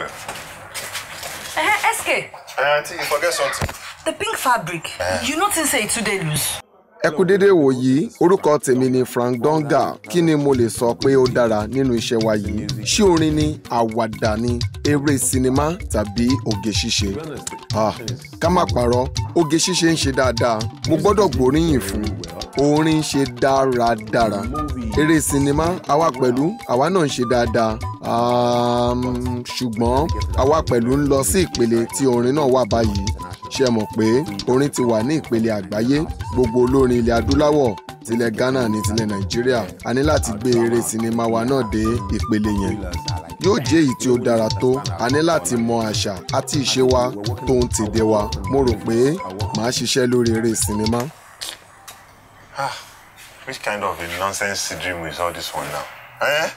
Uh, SK. Uh, auntie, you forget something. The pink fabric. Uh. You nothing say it today loose. ẹ kú dédé wò yìí orúkọ ni Frank Donga kini ni mo lè sọ pé ó dára nínú iṣẹ́ wa yìí ṣé orin ni àwàdà ni eré sinimá tàbí oge ṣíṣe ah, ká má parọ́ oge ṣíṣe ń ṣe mo gbọ́dọ̀ gbóríyìn fún un orin ń ṣe dáradára eré sinimá àwa pẹ̀lú àwa náà ń ṣe dáadáa ṣùgbọ́n àwa pẹ̀lú ń lọ sí ìpele tí orin náà wà báyìí ṣe mọ̀ pé orin ti wà ní ìpele àgbáyé gbogbo olórin ilẹ̀ adúláwọ̀ tilẹ̀ Ghana ní tilẹ̀ Nàìjíríà a ní láti gbé eré sinimá wa náà dé ìpele yẹn yóò jẹ́ èyí tí ó dára tó a ní láti mọ àṣà àti ìṣe wa tó ń tèdè wa mo rò pé màá ṣiṣẹ́ lórí eré sinimá. Ah, which kind of a nonsense dream is all this one now? Eh?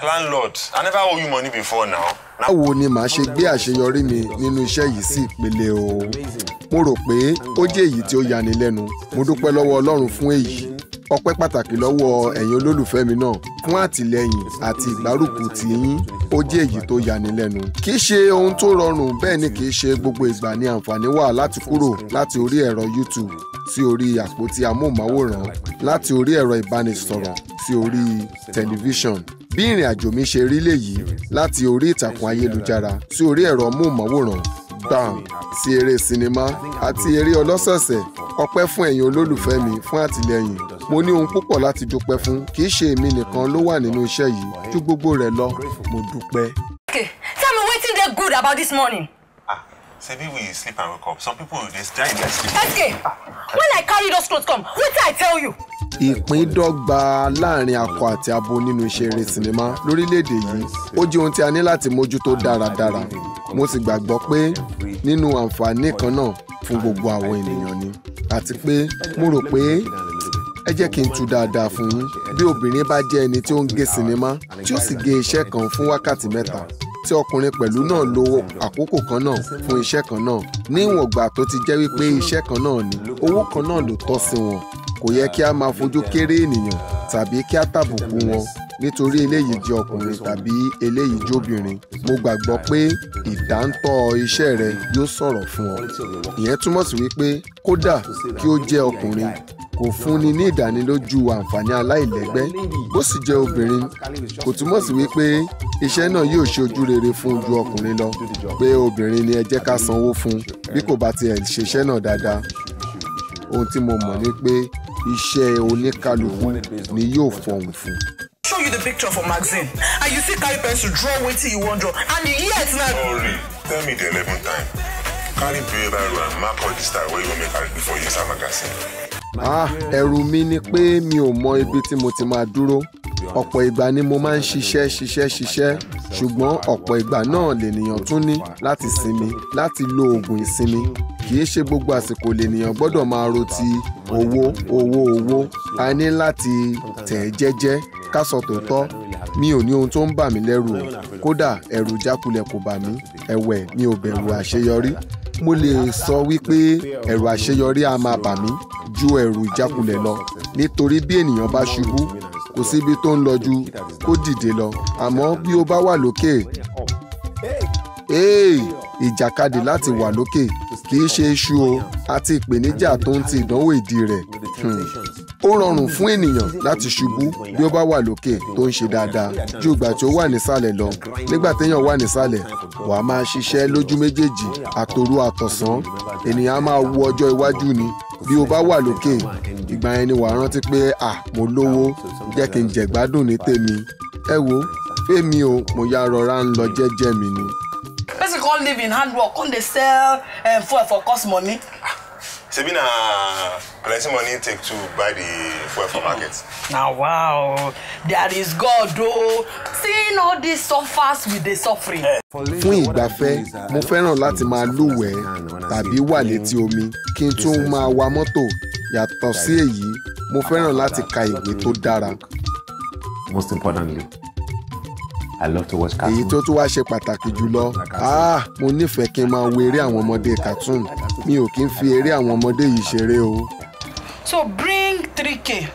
landlord i never owe you money before now. báwo ni màá ṣe gbé àṣeyọrí mi nínú iṣẹ́ yìí sí ìpele o mo rò pé ó jẹ́ èyí tí ó yani mo dúpẹ́ lọ́wọ́ ọlọ́run fún èyí ọpẹ́ pàtàkì lọ́wọ́ ẹ̀yin olólùfẹ́ mi náà fún àtìlẹ́yìn àti ìgbárùkù tì yín ó jẹ́ èyí tó yani kì í ṣe ohun tó rọrùn bẹ́ẹ̀ ni kì í ṣe gbogbo ìgbà ni àǹfààní wà láti kúrò láti orí ẹ̀rọ YouTube sí orí àpótí amóhùnmáwòrán láti orí ẹ̀rọ ìbánisọ̀rọ̀ sí orí tẹlifíṣàn bí ìrìn àjò mi ṣe rí léyìí láti orí ìtàkùn ayélujára sí orí ẹ̀rọ amóhùnmáwòrán bam sí eré sinimá àti eré ọlọ́sọ̀ọ̀sẹ̀ ọpẹ́ fún ẹ̀yin olólùfẹ́ mi fún àtìlẹ́yìn mo ní ohun púpọ̀ láti dúpẹ́ fún kì í ṣe èmi nìkan ló wà nínú iṣẹ́ yìí ju gbogbo rẹ̀ lọ mo dúpẹ́. okay tell me wetin dey good about this morning. ah sebi we sleep and wake up some people dey die in their sleep. okay. Ah when i carry those clothes come wetin i tell you. ìpín dọ́gba láàrin akọ àti abo nínú iṣẹ́ eré sinimá lórílẹ̀‐èdè yìí ó jẹ́ ohun tí a ní láti mójútó dáradára mo sì gbàgbọ́ pé nínú àǹfààní kan náà fún gbogbo àwọn ènìyàn ni àti pé mo rò pé ẹ jẹ́ kí n tu dáadáa fún yín bí obìnrin bá jẹ́ ẹni tí ó ń gé sinimá tí ó sì gé iṣẹ́ kan fún wákàtí mẹ́ta tí ọkùnrin pẹ̀lú náà lo àkókò kan náà fún iṣẹ́ kan náà níwọ̀n gbà tó ti jẹ́ wípé iṣẹ́ kan náà ni owó kan náà ló tọ́ sí wọn kò yẹ kí a máa fojú kéré ènìyàn tàbí kí a tàbùkù wọn nítorí eléyìí jẹ́ ọkùnrin tàbí eléyìí jóbìnrin mo gbàgbọ́ pé ìdáńtọ́ iṣẹ́ rẹ yóò sọ̀rọ̀ fún ọ ìyẹn túmọ̀ sí wípé kódà kí ó jẹ́ ọkùnrin kò fúnni ní ìdánilójú àǹfààní aláìlẹ́gbẹ́ bó sì jẹ́ obìnrin kò túmọ̀ sí wípé iṣẹ́ náà yóò ṣe ojú rere fún ju ọkùnrin lọ pé obìnrin ni ẹ jẹ́ ká sanwó fún bí kò bá tiẹ̀ ṣiṣẹ́ náà dáadáa ohun tí mo mọ̀ ni pé iṣẹ́ oníkálukú ni yóò fọhùn fún show you the picture for magazine and you still carry pencil draw wetin you wan draw and yet na. sorry tell me the eleven time carry biro and mark all the style wey you wan make carry before you enter magazine ah ẹ̀rù mi ni pé mi ò mọ ibi tí mo ti máa dúró ọ̀pọ̀ ìgbà ni mo máa ń ṣiṣẹ́ ṣiṣẹ́ ṣiṣẹ́ ṣùgbọ́n ọ̀pọ̀ ìgbà náà lènìyàn tún ní láti sinmi láti lo oògùn ìsinmi kì í ṣe gbogbo àsìkò lènìyàn gbọ́dọ̀ máa ro ti owó owó owó a ní láti tẹ̀ ẹ́ jẹ́jẹ́ ká sọ tòótọ́ mi ò ní ohun tó ń bà mí lẹ́rù o kódà ẹ̀rù jákulẹ̀ kò bà mí ẹ̀wẹ̀ mi ò bẹ̀rù àṣeyọrí mo lè sọ wípé ẹ̀rù àṣeyọrí á máa bà mí ju ẹ̀rù ìjákulẹ̀ lọ nítorí bí ènìyàn bá ṣubú kò síbi tó ń lọ ju kó dìde lọ àmọ́ bí ó bá wà lókè ìjàkadì láti wà lókè kì í ṣe iṣu o àti ìpèníjà tó ń ti ìdánwò ìdí rẹ̀ hmm. ó rọrùn fún ènìyàn láti ṣubú bí ó bá wà lókè tó ń ṣe dáadáa ju ìgbà tí ó wà nísàlẹ̀ lọ nígbà téèyàn wà nísàlẹ̀ wà á máa ṣiṣẹ́ lójú méjèèjì àtòru àtọ̀sán ènìyàn á máa wo ọjọ́ iwájú ni bí o bá wà lókè ìgbà yẹn ni wàá rántí pé à mo lówó jẹ́ kí n jẹ̀gbádùn ní tèmi ẹ wo fẹ́mi o mo yá rọra ń lọ jẹ́jẹ́ mi ni. person come live hand work come dey sell um, fuel for cost money sebi na plenty money take to buy the fuel for market. na wow there is god o oh. seeing all this suffers with the suffering. fún ìgbafẹ́ mo fẹ́ràn láti máa lúwẹ̀ẹ́ tàbí wà létí omi kí n tún máa wa mọ́tò yàtọ̀ sí èyí mo fẹ́ràn láti ka ìwé tó dára. most importantly I love to watch cartoon. èyí tó tún wá ṣe pàtàkì jùlọ ah mo nífẹ̀ẹ́ kí n máa wo eré àwọn ọmọdé cartoon mi ò kí ń fi eré àwọn ọmọdé yìí ṣeré o. so bring three k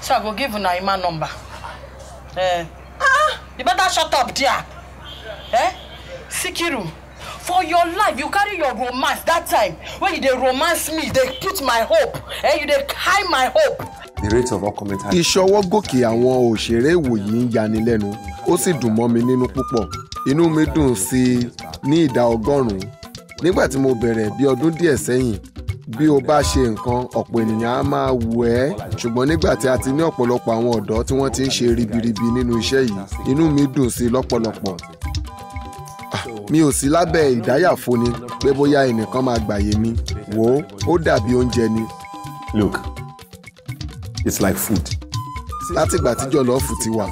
so i go give una emma number. Uh, ah you better shut up there. Eh? sikiru for your life you carry your romance that time when you dey romance me you dey put my hope eh? you dey hide my hope. the rate of upcoming time. ìṣọwọ́ gòkè àwọn òṣèré ìwòyí ń yanilẹ́nu ó sì dùn mọ́ mi nínú púpọ̀ inú mi dùn sí i ní ìdá ọgọ́rùn-ún nígbà tí mo bẹ̀rẹ̀ bí ọdún díẹ̀ sẹ́yìn bí o bá ṣe nǹkan ọ̀pọ̀ ènìyàn á máa wù ẹ́ ṣùgbọ́n nígbà tí a ti ní ọ̀pọ̀lọpọ̀ àwọn ọ̀dọ́ tí wọ́n ti ń ṣe ribiribi nínú iṣẹ́ yìí inú mi dùn sí i lọ́pọ̀lọpọ̀ ah, mi ò sí lábẹ́ ìdáyàfoni pé bóyá ẹnìkan máa gbàyè mi wò ó dàbí oúnjẹ ni. Look, it's like food látìgbà tí jọlọ́ọ̀fù ti wà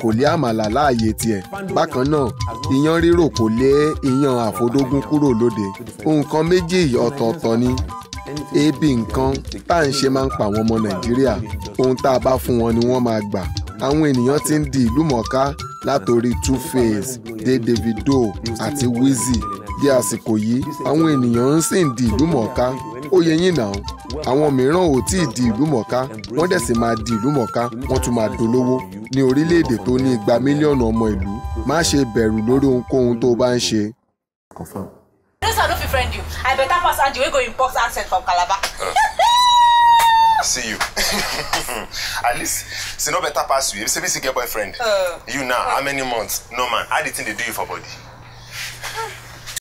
kò lé àmàlà láàyè tiẹ̀ bákan náà iyán rírò kò lé iyán àfọdógún kúrò lóde nǹkan méjì ọ̀tọ̀ọ̀tọ̀ ni ebi nǹkan tá à ń ṣe máa ń pa àwọn ọmọ nàìjíríà ohun tá a bá fún wọn ni wọ́n máa gbà àwọn ènìyàn ti ń di ìlú mọ̀ọ́ká látòrí two face De davido àti wizzy di àsìkò yìí àwọn ènìyàn ń sì di ìlú mọ̀ọ́ká ó yẹ yín náà àwọn mìíràn ò tí ì di ìlú wọ́n dẹ̀ sì máa di ìlú wọ́n tún máa dolówó ní orílẹ̀-èdè tó ní igba mílíọ̀nù ọmọ ìlú má ṣe bẹ̀rù lórí ohunkóhun tó o bá ń ṣe. this one no fit friend you i better pass andy wey go import accent from calabar. see you at least she no better pass you if she be get boyfriend uh, you now how many months normal how the thing dey do you for body.